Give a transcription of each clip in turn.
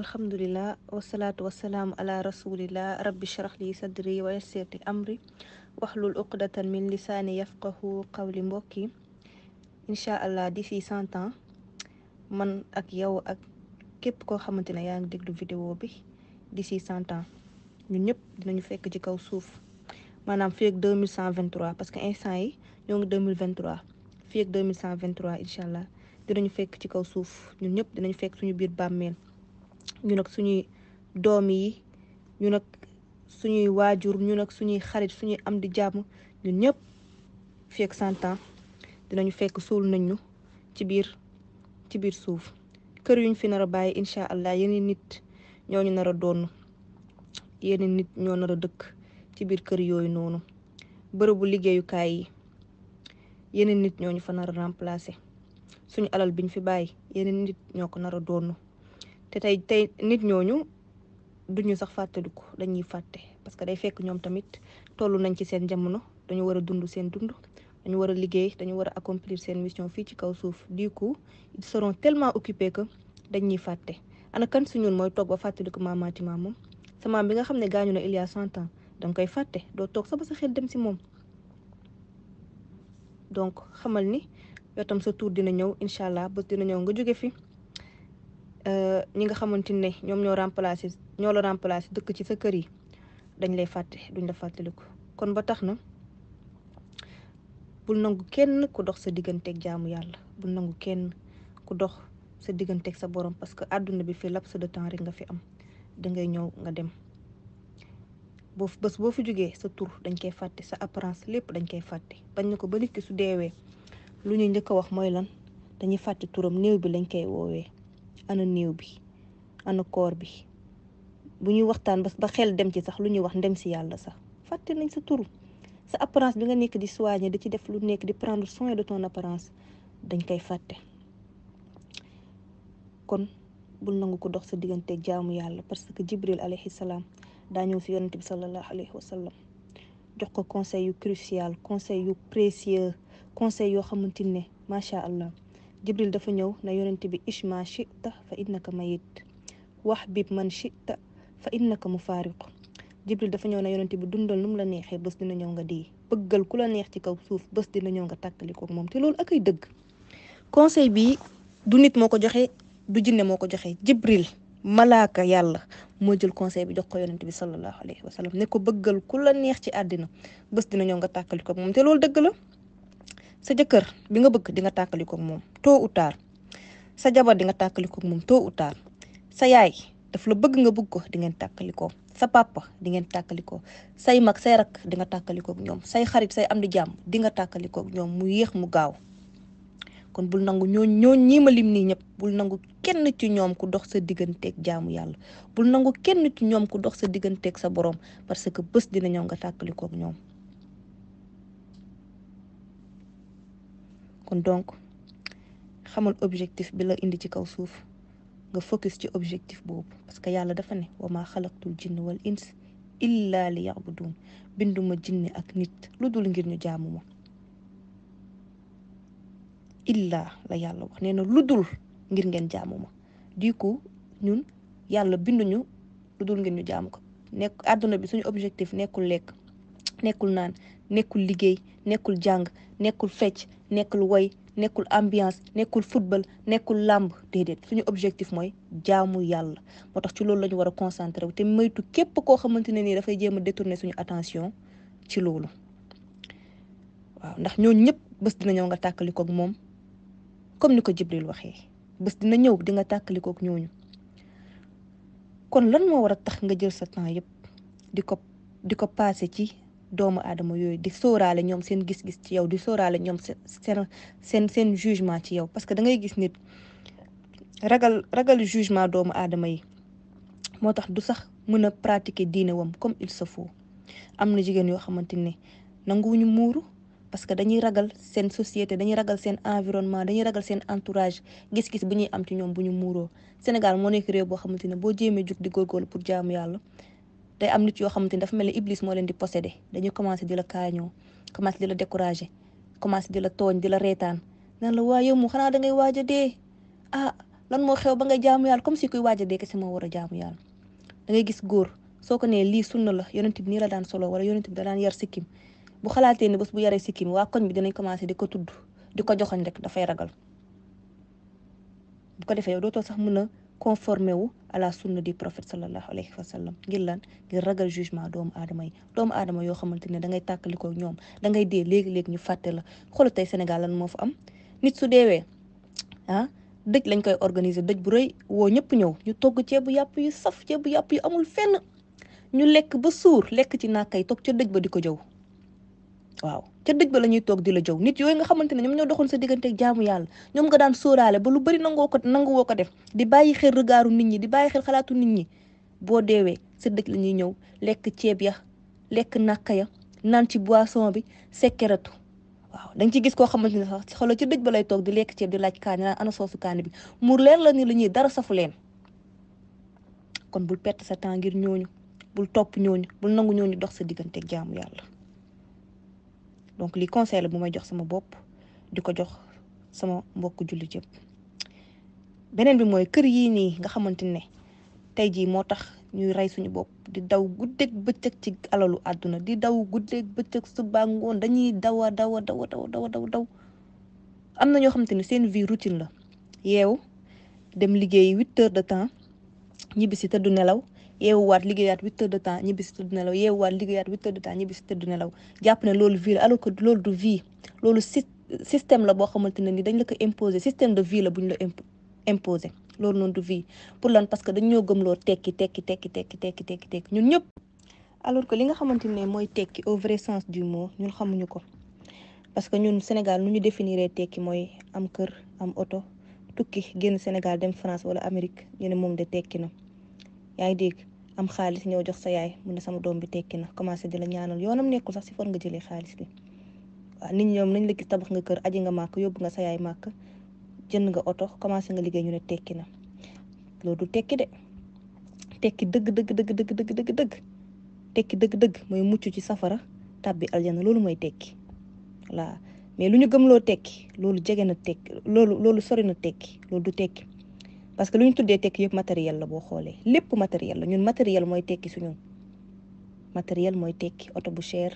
الحمد لله والصلاة والسلام على رسول الله رب اشرح لي صدري ويسر لي أمري واحلل عقدة من لساني يفقه قولي موكي إن شاء الله دي سي سانتا من أك يو أك كيب كو خمتنا يانج ديك دو فيديو بي دي سي سانتا نيب دي نيو فيك جي كو سوف مانام فيك 2123 باسكو إنسان يي نيونغ 2023 فيك 2123 إن شاء الله دي نيو فيك جي كو سوف نيب دي نيو فيك سونيو بير بامين ñu nag suñuy doom yi ñu nag suñuy waajur ñu nag suñuy xarit suñuy am di jàmm ñun ñëpp fii ak cent ans fekk suul nañu ci biir ci biir suuf kër yuñ fi nar a bàyyi incha allah yeneen nit ñoo ñu nar a donn yeneen nit ñoo nar a dëkk ci biir kër yooyu noonu bërëbu liggéeyukaay yi yeneen nit ñoo ñu fa nar a remplacer suñu alal biñ fi bàyyi yeneen nit ñoo ko nar a donn te tey tey nit ñooñu duñu sax dañ dañuy fàtte parce que day fekk ñoom tamit toll nañ ci seen jamono dañu war dund seen dund dañu war a liggéey dañu war a accomplir seen mission fii ci kaw suuf du coup ils seront tellement occupés que dañuy fàtte ana kan si ñun mooy toog ba fàttaliku maamaati maamam sa maam bi nga xam ne gaañu na il y a cent ans danga koy fàtte doo toog sa ba sa xel dem si moom donc xamal ni yow tam sa tour dina ñëw incha allah bés dina nga jóge fi. Eh, ñi nga xamante ne ñoom ñoo remplacer ñoo la remplacer dëkk ci sa kër yi dañ lay faté duñ la fàttaliku kon ba taxna na bul nangu kenn ku dox sa ak jaamu yalla bul nangu kenn ku dox sa ak sa borom parce que aduna bi fi laps de temps rek nga fi am da ngay ñëw nga dem bo bés bo fi juggé sa tour dañ koy faté sa apparence lepp dañ koy faté bañ na ba nit ki su déwé lu ñu ñëk wax moy lan dañuy faté turam neew bi lañ koy woowee ana néew bi ana koor bi bu ñuy waxtaan ba xel dem ci sax lu ñuy wax ndem si yalla sax fatte nañ sa turu sa apparence bi nga nekk di soigner di ci def lu nekk di prendre soin de ton apparence dañ koy fatte kon bul nangu ko dox sa digganteeg jaamu yalla parce que jibril alayhi salam, da ñëw si yonente bi sallallahu alayhi wasallam jox ko conseil yu crucial conseil yu précieux conseil yo ne sha allah jibril dafa ñëw na yonent bi ishma shita fa innaka mayit wax bib man shita fa innaka mufariq jibril dafa ñëw na yonent bi dundal num la neexee bés dina ñëw nga di bëggal kula la neex ci kaw suuf bés dina ñëw nga tàkkalikoog moom te loolu ak ay dëgg conseil bi du nit moko du jinne moko jibril malaka yalla, mo jël conseil bi jox ko yonent bi sallallahu alayhi Wasallam. ne ko bëggal kula la ci adina dina ñëw nga tàkkalikoog mom te lool dëgg la sa jëkkër bi nga bëgg di nga tàkkaliko moom tôt ou tard sa jabar di nga tàkkaliko moom tôt ou tard sa yaay daf la bëgg nga bëgg ko di ngeen sa papa di ngeen tàkkalikoo say mag say rak di nga ak ñoom say xarit say am di jàmm di nga ak ñoom mu yéex mu gaaw kon bul nangu ñoo ñoo ñi ma lim ni ñep bul nangu kenn ci ñoom ku dox sa ak jaamu yàlla bul nangu kenn ci ñoom ku dox sa ak sa borom parce que bés dina ñëw nga ak ñoom kon donc xamal objectif bi la indi ci kaw suuf nga focus ci objectif boobu parce que yàlla dafa ne wa maa xalaqtul jinn wal ins illa li yabudun binduma jinni ak nit lu dul ngir ñu jaamu ma illa la yàlla wax nee na lu dul ngir ngeen jaamu ma du coup ñun yàlla binduñu lu dul ngir ñu jaamu ko nekk àdduna bi suñu objectif nekkul lekk nekkul naan nekkul liggéey nekkul jàng nekkul fecc nekkul woy nekkul ambiance nekkul football nekkul làmb déedéet suñu objectif mooy jaamu yàlla moo tax ci loolu la ñu war a concentré wu te moytu képp koo xamante ne nii dafay jéem a détourner suñu attention ci loolu waaw ndax ñooñu ñëpp bés dina ñëw nga tàkkalikook moom comme ni ko Jibril waxee bés dina ñëw di nga tàkkalikook ñooñu kon lan moo war a tax nga jël sa temps yëpp di ko di ko passé ci doomu aadama yooyu di sóoraale ñoom seen gis-gis ci yow di sóoraale ñoom seen seen seen jugement ci yow parce que dangay gis nit ragal ragal jugement doomu aadama yi moo tax du sax mën a pratiquer diine wam comme il sa faut am na jigéen yoo xamante ne nanguwuñu muuru parce que dañuy ragal seen société dañuy ragal seen environnement dañuy ragal seen entourage gis-gis bu ñuy am ci ñoom bu ñu muuroo Sénégal moo nekk réew boo xamante ne boo jéemee jug di góorgóorlu pour jaamu yàlla day am nit yo xamanteni dafa melni iblis mo len di posséder dañu commencé di la kañu commencé di la décourager commencé di la togn di la rétan nan la wayo mu xana da ngay waja a ah lan mo xew ba nga jaamu yalla comme si kuy waja dé dee kese moo jaamu yalla da ngay gis goor soko né li sunna la yonentib ni la dan solo wala yonentib da dan yar sikim bu xalaté ni bës bu yaré sikim wa koñ bi dinañ commencé di ko tuddu di ko joxoñ rek fay ragal bu ko defee yow doto sax mëna conformé wu à la sunna du prophète sallallahu alayhi wa sallam ngir lan ngir ragal jugement doomu aadama doomu aadama yoo xamante ne da ngay ñoom da ngay dee léegi-léegi ñu fàtte la xool tey Sénégal lan moo fa am nit su deewee ah dëj lañ koy organiser dëj bu rëy woo ñëpp ñëw ñu togg ceebu yàpp yu saf ceebu yàpp yu amul fenn ñu lekk ba suur lekk ci nàkk yi toog ca dëj ba di ko jëw waaw ca dëj ba la ñuy toog di la jow nit yooyu nga xamante ne ñoom ñoo doxoon sa diggante ak jaamu yàlla ñoom nga daan sóoraale ba lu bëri nangoo ko nanguwoo ko def di bàyyi xel regaaru nit ñi di bàyyi xel xalaatu nit ñi boo deewee sa dëj la ñuy ñëw lekk ceeb ya lekk nàkka ya naan ci boisson bi sekkeratu waaw da ci gis koo xamante ne sax xoolal ca dëj ba lay toog di lekk ceeb di laaj kaani naan ana soosu kaani bi mu leer la ni la ñuy dara safu leen kon bul perte sa temps ngir ñooñu bul topp ñooñu bul nangu ñooñu dox sa diggante ak yàlla donc li conseil bu may jox sama bop diko jox sama mbokku julli yëpp benen bi moy keur yi ni nga xamantene tay ji motax ñuy ray suñu bop di daw guddek beccëk ci alalu aduna di daw guddek beccëk suba ngoon dañuy dawa dawa dawa dawa dawa daw daw am na ñoo xamante seen vie routine la yew dem liggéey 8 heures de temps ñibisi si nelaw yeewuwaat liggéeyaat huit heures de temps ñibbi si tëdd nelaw yeewuwaat liggéeyaat huit heures de temps ñibbi si tëdd nelaw jàpp ne loolu vie la alors que loolu du vie loolu système la boo xamante ne ni dañ la ko imposer système de vie la bu ñu la imposer loolu noonu du vie pour lan parce que dañ ñoo gëmloo tekki tekki tekki tekki tekki tekki tekki ñun ñëpp alors que li nga xamante ne mooy tekki au vrai sens du mot ñun xamuñu ko parce que ñun Sénégal nu ñu définiree tekki mooy am kër am oto tukki génn Sénégal dem France wala Amérique ñu ne moom de tekki na yaa ngi dégg am xaalis ñëw jox sa yaay mun ne sama doom bi tekki na commencé di la ñaanal yoonam nekkul sax si fan nga jëlee xaalis bi waa nit ñoom nañ la gis tabax nga kër aji nga màkk yóbbu nga sa yaay màkk jënd nga oto commencé nga liggéey ñu ne tekki na loolu du tekki de tekki dëgg dëgg dëgg dëgg tekki dëgg dëgg mooy mucc ci safara tàbbi aljana loolu mooy tekki voilà mais lu ñu gëm loo tekki loolu jege na tekki loolu loolu sori na tekki loolu du tekki parce que lu ñu tuddee tekki yëpp matériel la boo xoolee lépp matériel la ñun matériel mooy tekki suñu matériel mooy tekki oto bu cher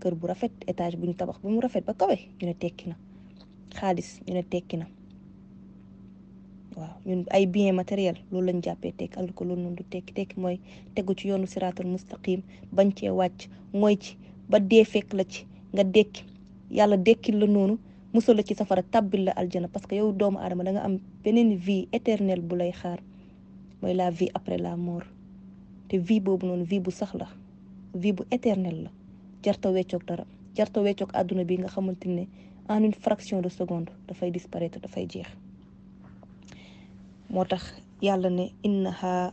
kër bu rafet étage bu ñu tabax bu mu rafet ba kawe ñu ne tekki na xaalis ñu ne tekki na waaw ñun ay bien matériel loolu lañ jàppee tekki alors que loolu noonu du tekki tekki mooy tegu ci yoonu siraatul mustaqim bañ cee wàcc mooy ci ba dee fekk la ci nga dekki yàlla dekkil la noonu musul ci safara tabil la aljana parce que yow doomu aadama da nga am benen vie éternelle bu lay xaar moy la vie après la mort te vie bobu non vie bu sax la vie bu éternelle la jarta wéccok dara jarta wéccok aduna bi nga xamantene en une fraction de seconde da fay disparaître dafay jeex moo tax yàlla ne innaha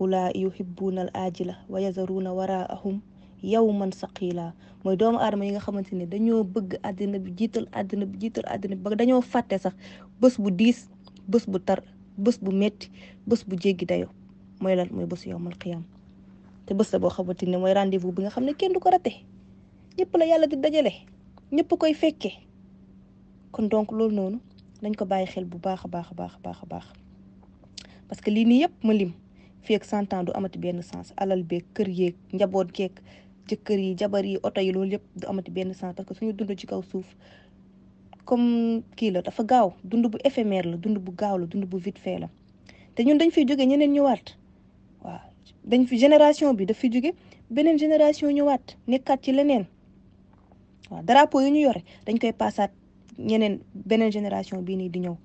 ulaa yuhibbuuna al ajila wa yazaruuna waraahum yawman saqila moy doomu aadama yi nga xamanteni ni dañoo bëgg adina bi jiital adina bi jiital adina bi dañoo fàtte sax bés bu dis bés bu tar bés bu metti bés bu jéggi dayo moy lan moy bésu yawmal qiyam te bés bo xamanteni moy rendez-vous bi nga xam kenn du ko la yalla di dajale ñepp koy fekke kon donc lool nonu dañ ko bayyi xel bu baaxa baaxa baaxa baaxa baax parce que li ni yépp ma lim fi ak 100 ans du amati ben sens alal be keur yeeg njabot kek jëkkër yi jabar yi oto yi loolu yëpp du amati benn sens parce que suñu dund ci kaw suuf comme kii la dafa gaaw dund bu éphémère la dund bu gaaw la dund bu vite fait la te ñun dañ fiy jóge ñeneen ñëwaat waaw dañ fi génération bi daf fi jóge beneen génération ñëwaat nekkaat ci leneen waaw drapeau yi ñu yore dañ koy paasaat ñeneen beneen génération bii nii di ñëw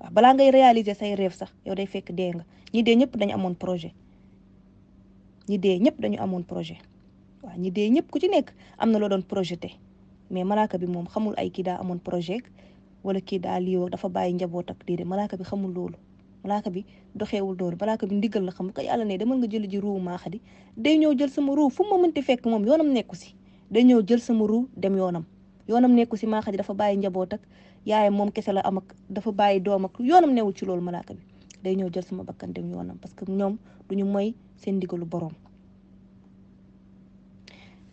waaw balaa ngay réaliser say rêve sax yow day fekk dee nga ñi dee ñëpp dañu amoon projet ñi dee ñëpp dañu amoon projet waaw ñi dee ñëpp ku ci nekk am na loo doon projeté mais malaaka bi moom xamul ay kii daa amoon projet wala kii daa lii dafa bàyyi njaboot ak déedéet malaaka bi xamul loolu malaaka bi doxeewul loolu malaaka bi ndigal la xam ko yàlla ne demal nga jël ji ruu maaxadi day ñëw jël sama ruu fu ma mënti fekk moom yoonam nekku si day ñëw jël sama ruu dem yoonam yoonam nekku si maaxadi dafa bàyyi njaboot ak yaayam moom kese la am ak dafa bàyyi doom ak yoonam newu ci loolu malaaka bi day ñëw jël sama bakkan dem yoonam parce que ñoom du ñu moy seen ndigalu borom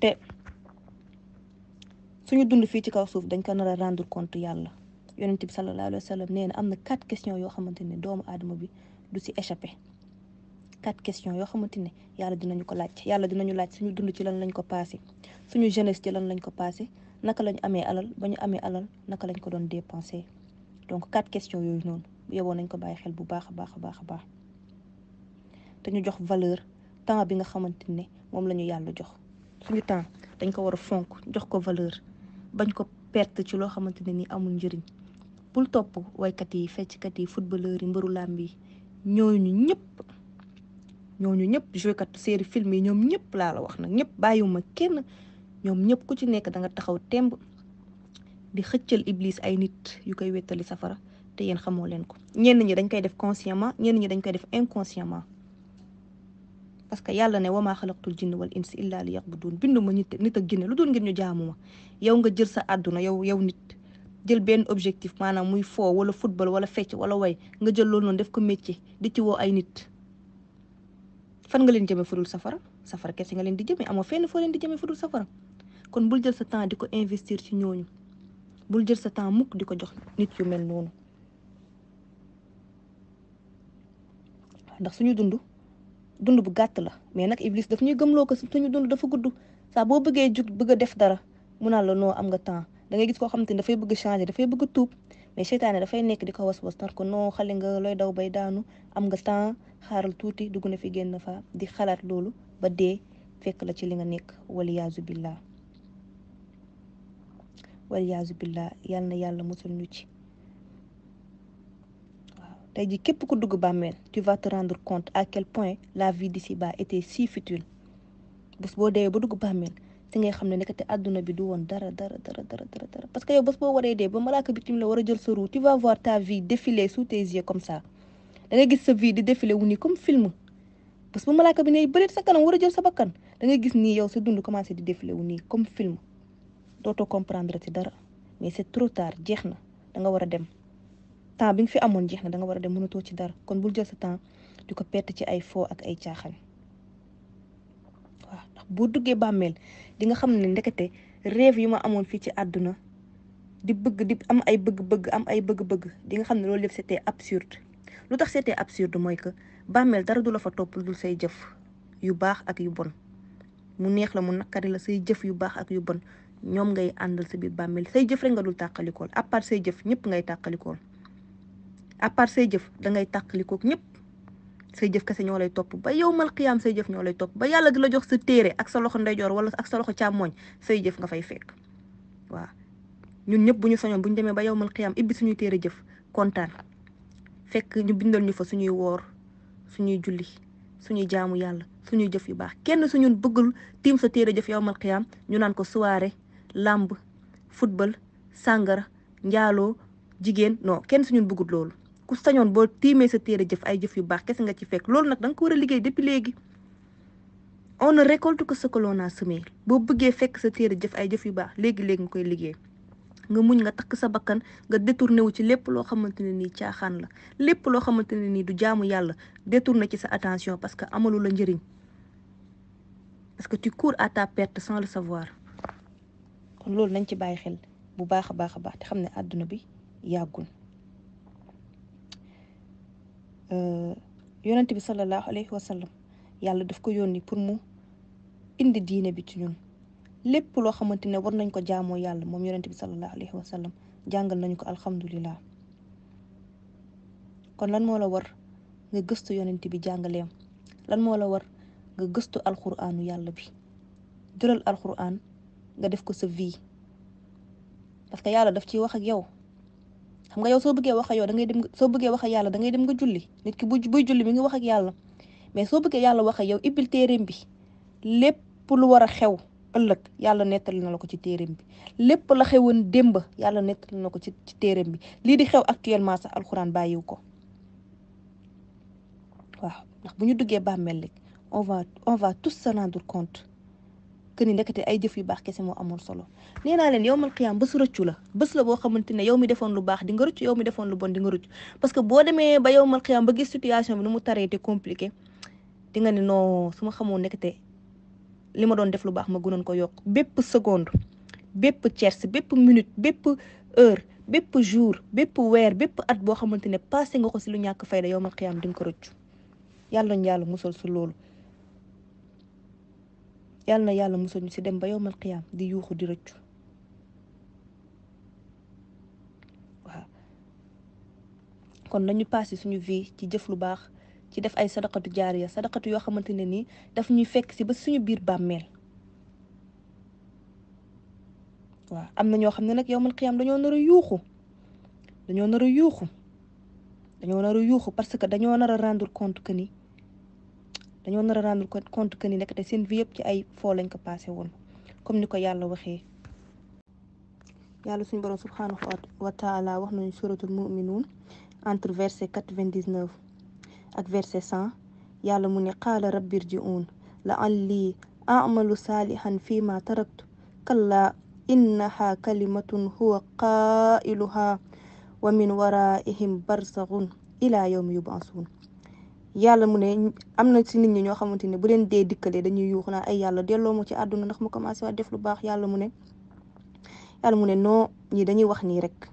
te suñu dund fii ci kaw suuf dañ ko nar a rendre compte yàlla yonent bi sallallahu alayhi wa am na quatre questions yoo xamante ne doomu aadama bi du si échappé quatre questions yoo xamante ne yàlla dinañu ko laaj yàlla dinañu laaj suñu dund ci lan lañ ko passé suñu jeunesse ci lan lañ ko passé naka lañ amee alal ba ñu amee alal naka lañ ko doon dépensé donc quatre questions yooyu noonu yoboo nañ ko bàyyi xel bu baax a baax a baax baax te ñu jox valeur temps bi nga xamante ne moom la ñu yàlla jox suñu temps dañ ko war a fonk jox ko valeur bañ ko perte ci loo xamante ne nii amul njëriñ bul topp waykat yi fecckat yi footballeur yi mbëru làmb yi ñooñu ñëpp ñooñu ñëpp jouékat série film yi ñoom ñëpp laa la wax nag ñëpp bàyyiwuma kenn ñoom ñëpp ku ci nekk da nga taxaw temb di xëccal iblis ay nit yu koy wettali safara te yéen xamoo leen ko ñenn ñi dañ koy def conscienment ñenn ñi dañ koy def inconsciemment parce que yàlla ne wamaa xalaqtul jinna wal insa illa li yaqbudun bindu ma nit nit ak jinne lu dul ngir ñu jaamu ma yow nga jël sa àdduna yow yow nit jël benn objectif maanaam muy foo wala football wala fecc wala way nga jël loolu noonu def ko métier di ci woo ay nit fan nga leen jëme fudul safara safara kese nga leen di jëme amoo fenn foo leen di jëme fudul safara kon bul jël sa temps di ko investir ci ñooñu bul jël sa temps mukk di ko jox nit yu mel noonu ndax suñu dund dund bu gàtt la mais nag iblis daf ñuy gëmloo ko suñu dund dafa gudd saa boo bëggee jug bëgg def dara mu naan la noo am nga temps da ngay gis koo xamante ni dafay bëgg changer dafay bëgg tuub mais seytaane dafay nekk di ko was-was nar ko noo xale nga looy daw bay daanu am nga temps xaaral tuuti dugg na fi génn fa di xalaat doolu ba de fekk la ci li nga nekk waliyaazu billah waliyaazu billah na yàlla musal ñu ci tey di képp ku dugg bàmmeel tu vas te rendre compte à quel point la vie d'ici-bas était si futile bés boo deewee ba dugg bàmmeel si ngay xam ne nekkati àdduna bi du woon dara dara dara dara dara parce que yow bés boo waree dee ba malaaka bi la war a jël sa ruu tu vas voir ta vie défiler sous tes yeux comme ça da ngay gis sa vie di défiler wu ni comme film bés bu malaaka bi ne bëreet sa kanam war a jël sa bakkan da ngay gis nii yow sa dund commencé di défiler wu nii comme film dootoo comprendre ci dara mais c'est trop tard jeex na da nga war a dem. temps bi nga fi amoon jeex na da nga war a dem mënatoo ci dara kon bul jël sa temps du ko perte ci ay foo ak ay caaxaan waaw ndax boo duggee bàmmeel di nga xam ne ndekete reeve yu ma amoon fii ci àdduna di bëgg di am ay bëgg-bëgg am ay bëgg di nga xam ne loolu def c'était absurde lu tax c'était absurde mooy que bàmmeel dara du la fa topp dul say jëf yu baax ak yu bon mu neex la mu naqari la say jëf yu baax ak yu bon ñoom ngay àndal sa biir bàmmeel say jëf rek nga dul tàqalikool à say jëf ñëpp ngay tàqalikool à part say jëf da ngay tàqalikook ñëpp say jëf kese ñoo lay topp ba yow mal xiyaam say jëf ñoo lay topp ba yàlla di la jox sa téere ak sa loxo ndeyjoor wala ak sa loxo càmmooñ say jëf nga fay fekk waaw ñun ñëpp bu ñu sañoon bu ñu demee ba yow mal xiyaam ibbi suñuy téere jëf kontaan fekk ñu bindal ñu fa suñuy woor suñuy julli suñuy jaamu yàlla suñuy jëf yu baax kenn suñu buggul tiim sa téere jëf yow mal xiyaam ñu naan ko soirée làmb football sàngara njaaloo jigéen non kenn suñu bëggul loolu ku sañoon boo tiimee sa téere jëf ay jëf yu baax kese nga ci fekk loolu nag da nga ko war a liggéey depuis léegi on ne récolte ko ce que l'on a boo bëggee fekk sa téere jëf ay jëf yu baax léegi léegi nga koy liggéey nga muñ nga takk sa bakkan nga détourné wu ci lépp loo xamante ne nii caaxaan la lépp loo xamante ne nii du jaamu yàlla détourné ci sa attention parce que amalu la njariñ parce que tu cours à ta perte sans le savoir kon loolu nañ ci bàyyi xel bu baax a baax a baax te xam ne àdduna bi yàggul Euh, yonent bi sallallahu alayhi wa yàlla def ko yónni pour mu indi diine bi ci ñun lépp loo xamante ne war nañ ko jaamoo yàlla moom yonent bi sallallahu alayhi wa jàngal nañu ko alhamdulilah kon lan moo la war nga gëstu yonent bi jàngaleem lan moo la war nga gëstu alxuraanu yàlla bi jural alxuraan nga def ko sa vi parce que yàlla daf ciy wax ak yow nga yow soo bëggee wax ak yow da ngay dem soo bëggee wax ak yàlla da nga julli nit ki bu buy julli mi ngi yàlla mais soo bëggee yàlla wax ak yow ibbil téereem bi lépp lu war a xew ëllëg yàlla nettali na la ko ci téereem bi lépp la xewoon démb yàlla nettali na ko ci ci téereem bi lii di xew actuellement sax alxuraan bàyyiw ko waaw ndax bu ñu duggee bàmmeel rek on va on va tous se rendre compte que ni ndekete ay jëf yu baax kese moo amoon solo nee naa leen yowmal qiyaam bésu rëccu la bés la boo xamante ne yow mi defoon lu baax di nga rëcc yow mi defoon lu bon di nga rëcc parce que ba yowmal qiyaam ba gis situation bi nu mu taree di nga ne non su xamoon ndekete li ma doon def lu baax ma gënoon ko yokk bépp seconde bépp tiers bépp minute bépp heure bépp jour bépp weer bépp at boo xamante ne passé nga ko si lu ñàkk fayda yowmal qiyaam di nga ko rëccu yàlla njàll musal su loolu yàlla na yàlla musal si dem ba yowmal qiyaam di yuuxu di rëccu waaw kon nañu passé suñu vie ci jëf lu baax ci def ay jaar jaariya sadaqatu yoo xamante ne nii daf ñuy fekk si ba suñu biir bàmmeel waaw am na ñoo xam ne nag yowmal qiyaam dañoo nar yuuxu dañoo nar yuuxu dañoo yuuxu parce que dañoo nar a rendre compte que ni dañoo nar a rendre compte que ni nekkate seen vie yëpp ci ay foo lañ ko passé woon comme ni ko yàlla waxee yàlla suñu borom subhanahu wa taala wax nañu suratul muminun entre verset 99 ak verset 100 yàlla mu ne qaala rabbir ji'uun la an lii amalu salihan fi ma taraktu kalla innaha kalimatun huwa qaa'iluha wa min waraihim barsaxun ila yawmi yub'asuun yàlla mu ne am na ci nit ñi ñoo xamante ne bu leen dee dikkalee dañuy yuuxu naa ay yàlla delloo ma ci àdduna ndax ma commencé waa def lu baax yàlla mu ne yàlla mu ne non ñi dañuy wax nii rek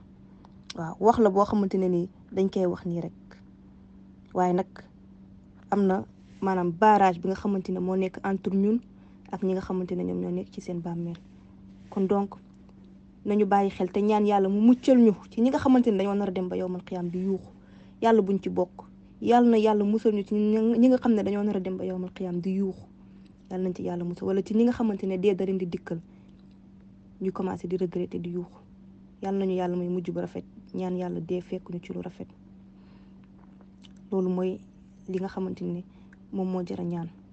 waaw wax la boo xamante ne nii dañ koy wax nii rek waaye nag am na maanaam barrage bi nga xamante ne moo nekk entre ñun ak ñi nga xamante ne ñoom ñoo nekk ci seen bàmmeel kon donc nañu bàyyi xel te ñaan yàlla mu muccal ñu ci ñi nga xamante ne dañoo nar a dem ba yowmal xiyaam bi yuuxu yàlla buñ ci bokk yàlla na yàlla musal ñu ci ñi nga xam ne dañoo nar a dem ba yowmal qiyaam di yuuxu yàlla nañ ci yàlla musal wala ci ni nga xamante ne dee da leen di dikkal ñu commencé di regretter di yuuxu yàlla nañu yàlla may mujj bu rafet ñaan yàlla dee fekk ñu ci lu rafet loolu mooy li nga xamante ni moom moo jar a ñaan.